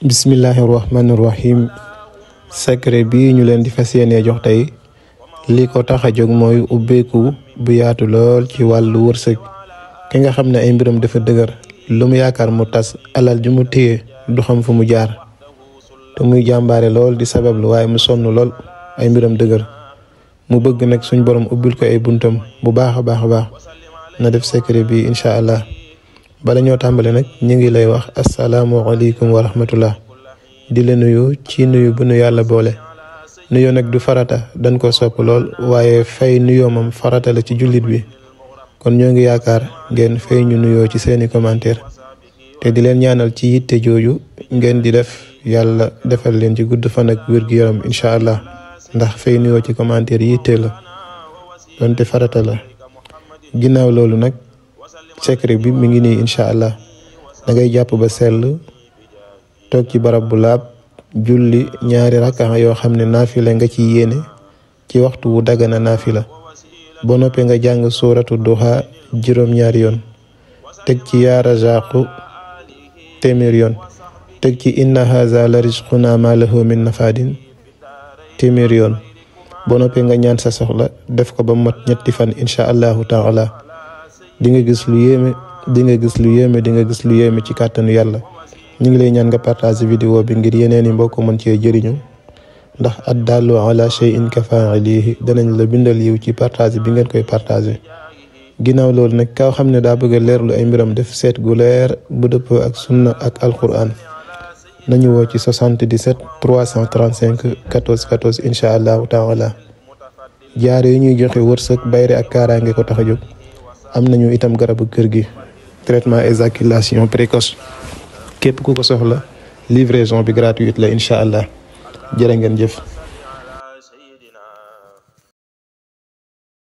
bismillahi rahmaani rahim secret bi ñu leen di fas yéenee jox tey lii ko tax a jóg mooy ubbeeku bu yaatu lool ci wàllu wërsëg ki nga xam ne ay mbiram dafa dëgër lum yaakaar mu tas alal ju mu téye du xam fu mu jaar te muy jàmbaare lool di sabablu waaye mu sonn lool ay mbiram dëgër mu bëgg nag suñ borom ubbil ko ay buntam bu baax a baax a baax na def secret bi incha allah. bala ñoo tàmbale nag ñu ngi lay wax asalaamualeykum wa rahmatullah di la nuyu ci nuyu bu nu yàlla boole nuyoo nag du farata dan ko sopp lool waaye fay nuyoo moom farata la ci jullit bi kon ñoo ngi yaakaar ngeen fay ñu nuyoo ci seeni commentaire te di leen ñaanal ci yitte jooju ngeen di def yàlla defal leen ci gudd fan ak wér gu yaram incha allah ndax fay nuyoo ci commentaire yitte la donte farata la ginnaaw loolu nag secret bi mi ngi ni inshallah allah da ngay japp ba sel tok ci barab bu lab julli ñaari rakka yo xamne ne nga ci yene ci waxtu wu dagana nafila bo noppee nga jang suratu duha jurom ñaar yon tek ci ya razaqu temir yon tek ci inna hadha la rizquna ma lahu min nafadin temirion. yon ba noppee nga ñaan sa soxla def ko ba mat ñetti fan taala di nga gis lu yéeme di nga gis lu yéeme di nga gis lu yéeme ci kàttanu yàlla ñu ngi lay ñaan nga partage vidéo bi ngir yeneen i mbokk mën cee jëriñu ndax ad dallu ala shay'in ka faa'ilihi danañ la bindal yiw ci partage bi ngeen koy partage ginnaaw loolu nag kaw xam ne daa bëgg leer lu ay mbiram def seet gu leer bu dëppoo ak sunna ak alquran nañu woo ci 77 335 14 14 incha allahu taala jaar yi ñuy joxe wërsëg bayre ak kaaraange ko tax a jóg am nañu itam garabu kër gi traitement éjaculation précoce képp ku ko soxla livraison bi gratuite la incha allah jërë ngeen jëf.